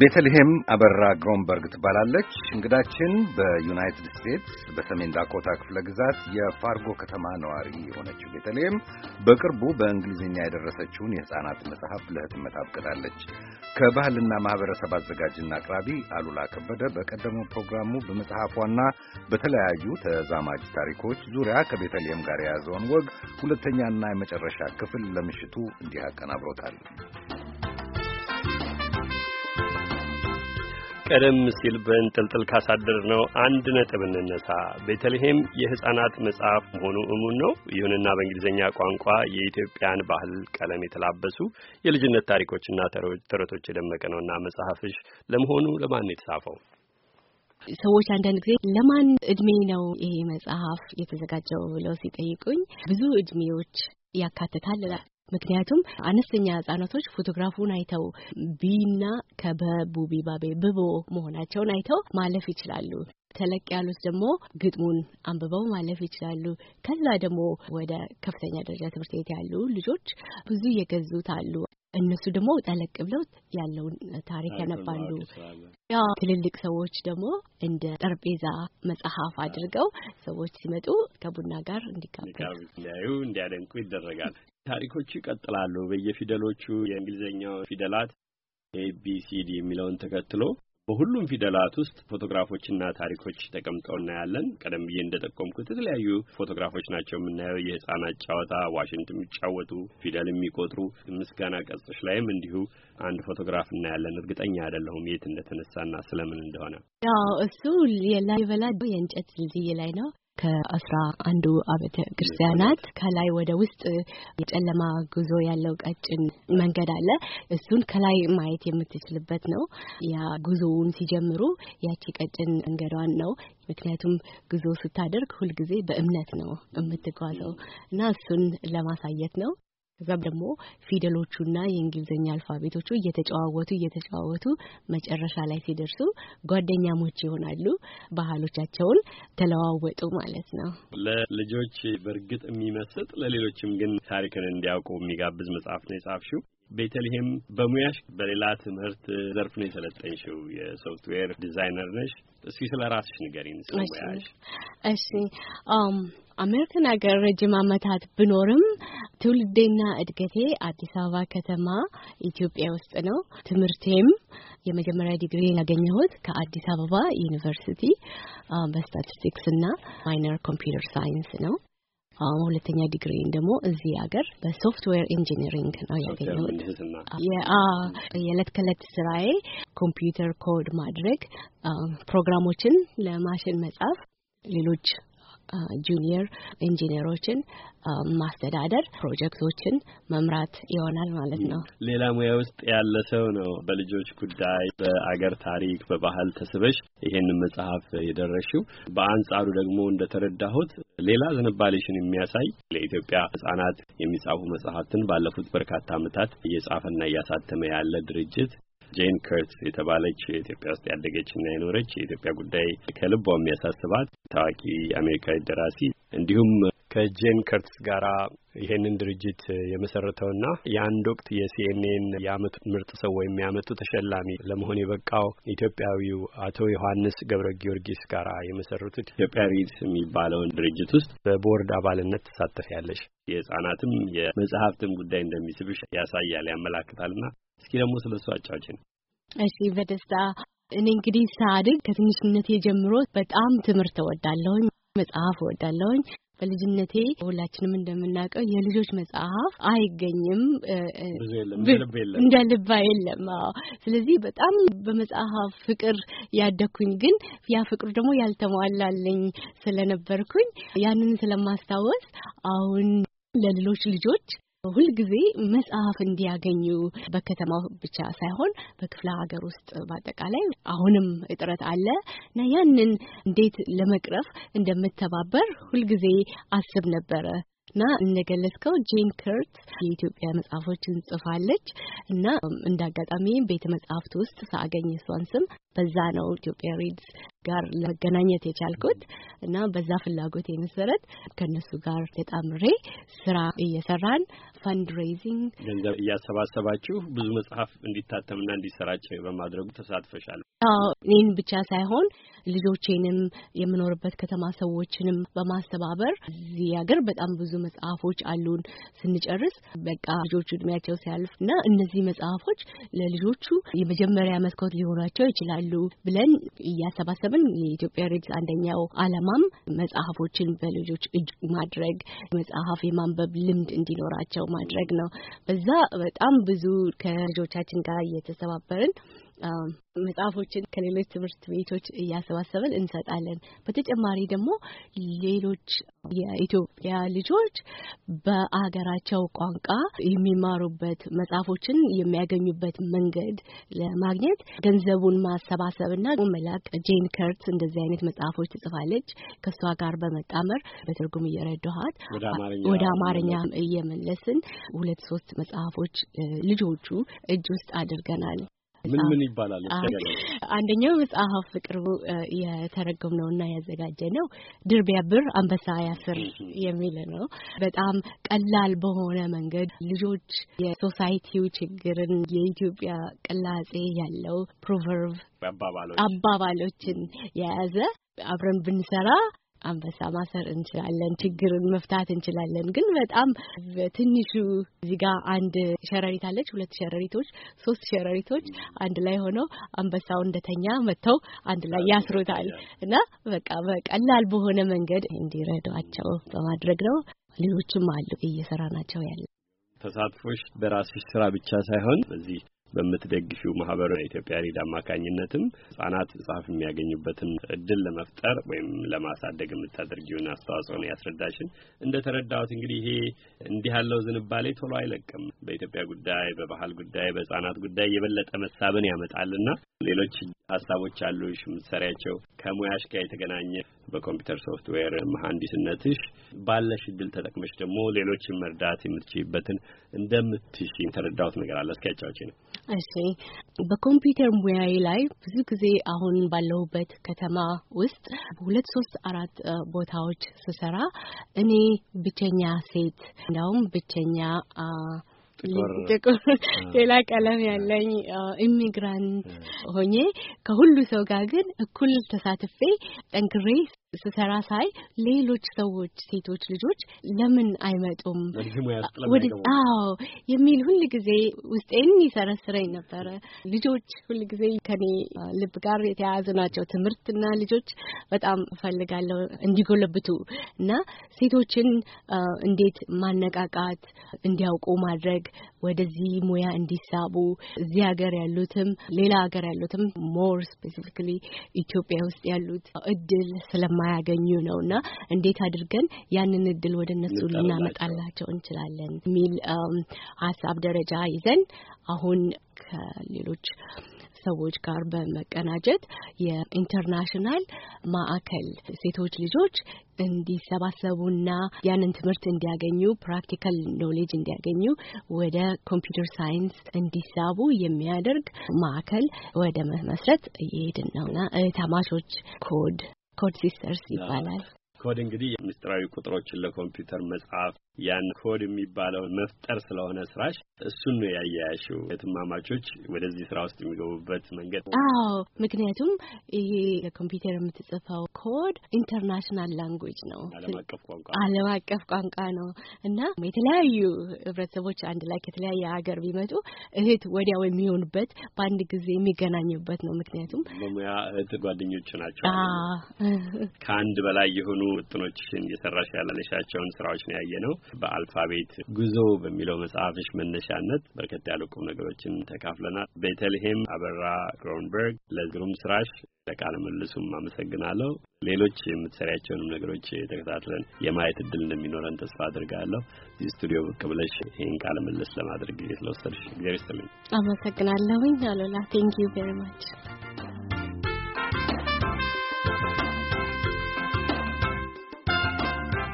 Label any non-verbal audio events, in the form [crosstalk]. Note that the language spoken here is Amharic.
ቤተልሔም አበራ ግሮንበርግ ትባላለች። እንግዳችን በዩናይትድ ስቴትስ በሰሜን ዳኮታ ክፍለ ግዛት የፋርጎ ከተማ ነዋሪ የሆነችው ቤተልሔም በቅርቡ በእንግሊዝኛ የደረሰችውን የሕፃናት መጽሐፍ ለህትመት አብቅታለች። ከባህልና ማህበረሰብ አዘጋጅና አቅራቢ አሉላ ከበደ በቀደመው ፕሮግራሙ በመጽሐፏና በተለያዩ ተዛማጅ ታሪኮች ዙሪያ ከቤተልሔም ጋር የያዘውን ወግ ሁለተኛና የመጨረሻ ክፍል ለምሽቱ እንዲህ አቀናብሮታል። ቀደም ሲል በእንጥልጥል ካሳደር ነው አንድ ነጥብ እንነሳ። ቤተልሔም የህፃናት መጽሐፍ መሆኑ እሙን ነው። ይሁንና በእንግሊዝኛ ቋንቋ የኢትዮጵያን ባህል ቀለም የተላበሱ የልጅነት ታሪኮችና ተረቶች የደመቀ ነውና መጽሐፍሽ ለመሆኑ ለማን የተጻፈው? ሰዎች አንዳንድ ጊዜ ለማን እድሜ ነው ይሄ መጽሐፍ የተዘጋጀው ብለው ሲጠይቁኝ ብዙ እድሜዎች ያካትታል ምክንያቱም አነስተኛ ህጻናቶች ፎቶግራፉን አይተው ቢና ከበቡ ቢባቤ ብቦ መሆናቸውን አይተው ማለፍ ይችላሉ። ተለቅ ያሉት ደግሞ ግጥሙን አንብበው ማለፍ ይችላሉ። ከዛ ደግሞ ወደ ከፍተኛ ደረጃ ትምህርት ቤት ያሉ ልጆች ብዙ የገዙት አሉ። እነሱ ደግሞ ጠለቅ ብለው ያለውን ታሪክ ያነባሉ። ያ ትልልቅ ሰዎች ደግሞ እንደ ጠረጴዛ መጽሐፍ አድርገው ሰዎች ሲመጡ ከቡና ጋር እንዲካፈሉ እንዲያደንቁ ይደረጋል። ታሪኮቹ ይቀጥላሉ። በየፊደሎቹ የእንግሊዝኛው ፊደላት ኤቢሲዲ የሚለውን ተከትሎ በሁሉም ፊደላት ውስጥ ፎቶግራፎችና ታሪኮች ተቀምጠው እናያለን። ቀደም ብዬ እንደጠቆምኩት የተለያዩ ፎቶግራፎች ናቸው የምናየው። የህፃናት ጨዋታ፣ ዋሽንት የሚጫወቱ፣ ፊደል የሚቆጥሩ። ምስጋና ቀጾች ላይም እንዲሁ አንድ ፎቶግራፍ እናያለን። እርግጠኛ አይደለሁም የት እንደተነሳና ስለምን እንደሆነ። ያው እሱ የላሊበላ የእንጨት ድልድይ ላይ ነው። ከአስራ አንዱ አብያተ ክርስቲያናት ከላይ ወደ ውስጥ የጨለማ ጉዞ ያለው ቀጭን መንገድ አለ። እሱን ከላይ ማየት የምትችልበት ነው። ያ ጉዞውን ሲጀምሩ ያቺ ቀጭን መንገዷን ነው። ምክንያቱም ጉዞ ስታደርግ ሁልጊዜ በእምነት ነው የምትጓዘው እና እሱን ለማሳየት ነው። ከዛ ደግሞ ፊደሎቹና የእንግሊዝኛ አልፋቤቶቹ እየተጨዋወቱ እየተጨዋወቱ መጨረሻ ላይ ሲደርሱ ጓደኛሞች ይሆናሉ። ባህሎቻቸውን ተለዋወጡ ማለት ነው። ለልጆች በእርግጥ የሚመስጥ ለሌሎችም ግን ታሪክን እንዲያውቁ የሚጋብዝ መጽሐፍ ነው የጻፍሽው። ቤተልሔም በሙያሽ በሌላ ትምህርት ዘርፍ ነው የሰለጠንሽው። የሶፍትዌር ዲዛይነር ነሽ። እስኪ ስለ ራስሽ ንገሪን፣ ስለ እሺ አሜሪካን ሀገር ረጅም ዓመታት ብኖርም ትውልዴና እድገቴ አዲስ አበባ ከተማ ኢትዮጵያ ውስጥ ነው። ትምህርቴም የመጀመሪያ ዲግሪ ያገኘሁት ከአዲስ አበባ ዩኒቨርሲቲ በስታቲስቲክስ እና ማይነር ኮምፒውተር ሳይንስ ነው። ሁለተኛ ዲግሪን ደግሞ እዚህ ሀገር በሶፍትዌር ኢንጂነሪንግ ነው ያገኘሁት። የዕለት ከዕለት ስራዬ ኮምፒውተር ኮድ ማድረግ፣ ፕሮግራሞችን ለማሽን መጻፍ፣ ሌሎች ጁኒየር ኢንጂነሮችን ማስተዳደር ፕሮጀክቶችን መምራት ይሆናል ማለት ነው። ሌላ ሙያ ውስጥ ያለ ሰው ነው። በልጆች ጉዳይ፣ በአገር ታሪክ፣ በባህል ተስበሽ ይሄን መጽሐፍ የደረሽው በአንጻሩ ደግሞ እንደተረዳሁት ሌላ ዝንባሌሽን የሚያሳይ ለኢትዮጵያ ሕጻናት የሚጻፉ መጽሐፍትን ባለፉት በርካታ ዓመታት እየጻፈና እያሳተመ ያለ ድርጅት ጄን ከርትስ የተባለች ኢትዮጵያ ውስጥ ያደገችና የኖረች የኢትዮጵያ ጉዳይ ከልቧ የሚያሳስባት ታዋቂ አሜሪካዊ ደራሲ እንዲሁም ከጄን ከርትስ ጋር ይሄንን ድርጅት የመሰረተውና የአንድ ወቅት የሲኤንኤን የአመቱ ምርጥ ሰው ወይም የአመቱ ተሸላሚ ለመሆን የበቃው ኢትዮጵያዊው አቶ ዮሐንስ ገብረ ጊዮርጊስ ጋር የመሰረቱት ኢትዮጵያ ሪድስ የሚባለውን ድርጅት ውስጥ በቦርድ አባልነት ያለሽ የህጻናትም የመጽሐፍትም ጉዳይ እንደሚስብሽ ያሳያል፣ ያመላክታልና እስኪ ደግሞ ስለ እሱ አጫዎችን። እሺ፣ በደስታ እኔ እንግዲህ ሳድግ ከትንሽነቴ ጀምሮ በጣም ትምህርት እወዳለሁኝ፣ መጽሐፍ እወዳለሁኝ በልጅነቴ ሁላችንም እንደምናውቀው የልጆች መጽሐፍ አይገኝም፣ እንደ ልባ የለም። ስለዚህ በጣም በመጽሐፍ ፍቅር ያደግኩኝ፣ ግን ያ ፍቅር ደግሞ ያልተሟላለኝ ስለነበርኩኝ ያንን ስለማስታወስ አሁን ለሌሎች ልጆች ሁልጊዜ መጽሐፍ እንዲያገኙ በከተማው ብቻ ሳይሆን በክፍለ ሀገር ውስጥ በአጠቃላይ አሁንም እጥረት አለ እና ያንን እንዴት ለመቅረፍ እንደምተባበር ሁልጊዜ አስብ ነበረ። እና እንደገለጽከው ጄን ከርት የኢትዮጵያ መጽሐፎችን ጽፋለች እና እንዳጋጣሚ ቤተ መጽሐፍት ውስጥ ሳገኝ እሷን ስም በዛ ነው ኢትዮጵያ ሪድስ ጋር ለመገናኘት የቻልኩት እና በዛ ፍላጎት መሰረት ከእነሱ ጋር ተጣምሬ ስራ እየሰራን ፋንድሬዚንግ ገንዘብ እያሰባሰባችሁ ብዙ መጽሐፍ እንዲታተምና እንዲሰራጭ በማድረጉ ተሳትፈሻል። አዎ እኔን ብቻ ሳይሆን ልጆቼንም የምኖርበት ከተማ ሰዎችንም በማስተባበር እዚህ ሀገር በጣም ብዙ መጽሐፎች አሉን። ስንጨርስ በቃ ልጆቹ እድሜያቸው ሲያልፍ እና እነዚህ መጽሐፎች ለልጆቹ የመጀመሪያ መስኮት ሊሆናቸው ይችላሉ ብለን እያሰባሰብን የኢትዮጵያ ሬድስ አንደኛው ዓላማም መጽሐፎችን በልጆች እጅ ማድረግ መጽሐፍ የማንበብ ልምድ እንዲኖራቸው ማድረግ ነው። በዛ በጣም ብዙ ከልጆቻችን ጋር እየተሰባበርን መጽሐፎችን ከሌሎች ትምህርት ቤቶች እያሰባሰብን እንሰጣለን። በተጨማሪ ደግሞ ሌሎች የኢትዮጵያ ልጆች በአገራቸው ቋንቋ የሚማሩበት መጽሐፎችን የሚያገኙበት መንገድ ለማግኘት ገንዘቡን ማሰባሰብና መላክ ጄን ከርት እንደዚህ አይነት መጽሐፎች ትጽፋለች። ከእሷ ጋር በመጣመር በትርጉም እየረዳኋት ወደ አማርኛ እየመለስን ሁለት ሶስት መጽሐፎች ልጆቹ እጅ ውስጥ አድርገናል። ምን ምን ይባላል? አንደኛው መጽሐፍ ፍቅሩ የተረጎም እና ያዘጋጀ ነው። ድር ቢያብር አንበሳ ያስር የሚል ነው። በጣም ቀላል በሆነ መንገድ ልጆች የሶሳይቲው ችግርን የኢትዮጵያ ቅላጼ ያለው ፕሮቨርብ አባባሎችን የያዘ አብረን ብንሰራ አንበሳ ማሰር እንችላለን፣ ችግርን መፍታት እንችላለን። ግን በጣም በትንሹ እዚህ ጋር አንድ ሸረሪት አለች፣ ሁለት ሸረሪቶች፣ ሶስት ሸረሪቶች አንድ ላይ ሆነው አንበሳው እንደተኛ መጥተው አንድ ላይ ያስሩታል እና በቃ በቀላል በሆነ መንገድ እንዲረዷቸው በማድረግ ነው። ሌሎችም አሉ እየሰራ ናቸው ያለ ተሳትፎሽ በራስሽ ስራ ብቻ ሳይሆን በዚህ በምትደግፊው ማህበር ኢትዮጵያ ሪድ አማካኝነትም ህጻናት መጽሐፍ የሚያገኙበትን እድል ለመፍጠር ወይም ለማሳደግ የምታደርጊውን አስተዋጽኦ ነው ያስረዳሽን። እንደ ተረዳሁት እንግዲህ ይሄ እንዲህ ያለው ዝንባሌ ቶሎ አይለቅም። በኢትዮጵያ ጉዳይ፣ በባህል ጉዳይ፣ በህጻናት ጉዳይ የበለጠ መሳብን ያመጣልና ሌሎች ሀሳቦች አሉሽ የምትሰሪያቸው ከሙያሽ ጋር የተገናኘ በኮምፒውተር ሶፍትዌር መሀንዲስነትሽ ባለሽ እድል ተጠቅመሽ ደግሞ ሌሎችን መርዳት የምትችይበትን እንደምትሽ የተረዳሁት ነገር አለ። እስኪ ያጫውጪ ነው። እሺ፣ በኮምፒውተር ሙያዬ ላይ ብዙ ጊዜ አሁን ባለሁበት ከተማ ውስጥ ሁለት ሶስት አራት ቦታዎች ስሰራ እኔ ብቸኛ ሴት እንዲያውም ብቸኛ ጥቁር [laughs] ሌላ ቀለም ያለኝ ኢሚግራንት ሆኜ ከሁሉ ሰው ጋር ግን እኩል ተሳትፌ ጠንክሬ ስሰራ ሳይ ሌሎች ሰዎች ሴቶች ልጆች ለምን አይመጡም? አዎ የሚል ሁል ጊዜ ውስጤን ይሰረስረኝ ነበረ። ልጆች ሁል ጊዜ ከኔ ልብ ጋር የተያያዙ ናቸው። ትምህርትና ልጆች በጣም እፈልጋለሁ እንዲጎለብቱ እና ሴቶችን እንዴት ማነቃቃት እንዲያውቁ ማድረግ ወደዚህ ሙያ እንዲሳቡ እዚህ ሀገር ያሉትም ሌላ ሀገር ያሉትም ሞር ስፔሲፊካሊ ኢትዮጵያ ውስጥ ያሉት እድል ስለማ የማያገኙ ነው እና እንዴት አድርገን ያንን እድል ወደ እነሱ ልናመጣላቸው እንችላለን የሚል ሀሳብ ደረጃ ይዘን አሁን ከሌሎች ሰዎች ጋር በመቀናጀት የኢንተርናሽናል ማዕከል ሴቶች ልጆች እንዲሰባሰቡና ያንን ትምህርት እንዲያገኙ ፕራክቲካል ኖሌጅ እንዲያገኙ ወደ ኮምፒውተር ሳይንስ እንዲሳቡ የሚያደርግ ማዕከል ወደ መመስረት እየሄድን ነውና ተማሾች ኮድ ኮድ ሲስተርስ ይባላል። ኮድ እንግዲህ ምስጢራዊ ቁጥሮችን ለኮምፒውተር መጽሐፍ ያን ኮድ የሚባለው መፍጠር ስለሆነ ስራሽ እሱን ነው ያያያሽው። የትማማቾች ወደዚህ ስራ ውስጥ የሚገቡበት መንገድ። አዎ፣ ምክንያቱም ይሄ ለኮምፒውተር የምትጽፈው ኮድ ኢንተርናሽናል ላንጉጅ ነው፣ ዓለም አቀፍ ቋንቋ ዓለም አቀፍ ቋንቋ ነው እና የተለያዩ ህብረተሰቦች አንድ ላይ ከተለያየ ሀገር ቢመጡ እህት ወዲያው የሚሆኑበት በአንድ ጊዜ የሚገናኙበት ነው። ምክንያቱም በሙያ እህት ጓደኞች ናቸው። ከአንድ በላይ የሆኑ ውጥኖችሽን እየሰራሽ ያላለሻቸውን ስራዎች ነው ያየ ነው። በአልፋቤት ጉዞ በሚለው መጽሐፍሽ መነሻነት በርከት ያሉ ቁም ነገሮችን ተካፍለናል። ቤተልሔም አበራ ግሮንበርግ ለግሩም ስራሽ ለቃለ መልሱም አመሰግናለሁ። ሌሎች የምትሰሪያቸውንም ነገሮች ተከታትለን የማየት እድል እንደሚኖረን ተስፋ አድርጋለሁ። እዚህ ስቱዲዮ ብቅ ብለሽ ይህን ቃለ መልስ ለማድረግ ጊዜ ስለወሰድሽ እግዚአብሔር ይስጥልኝ። አመሰግናለሁኝ አሉላ ቴንኪዩ ቬሪ ማች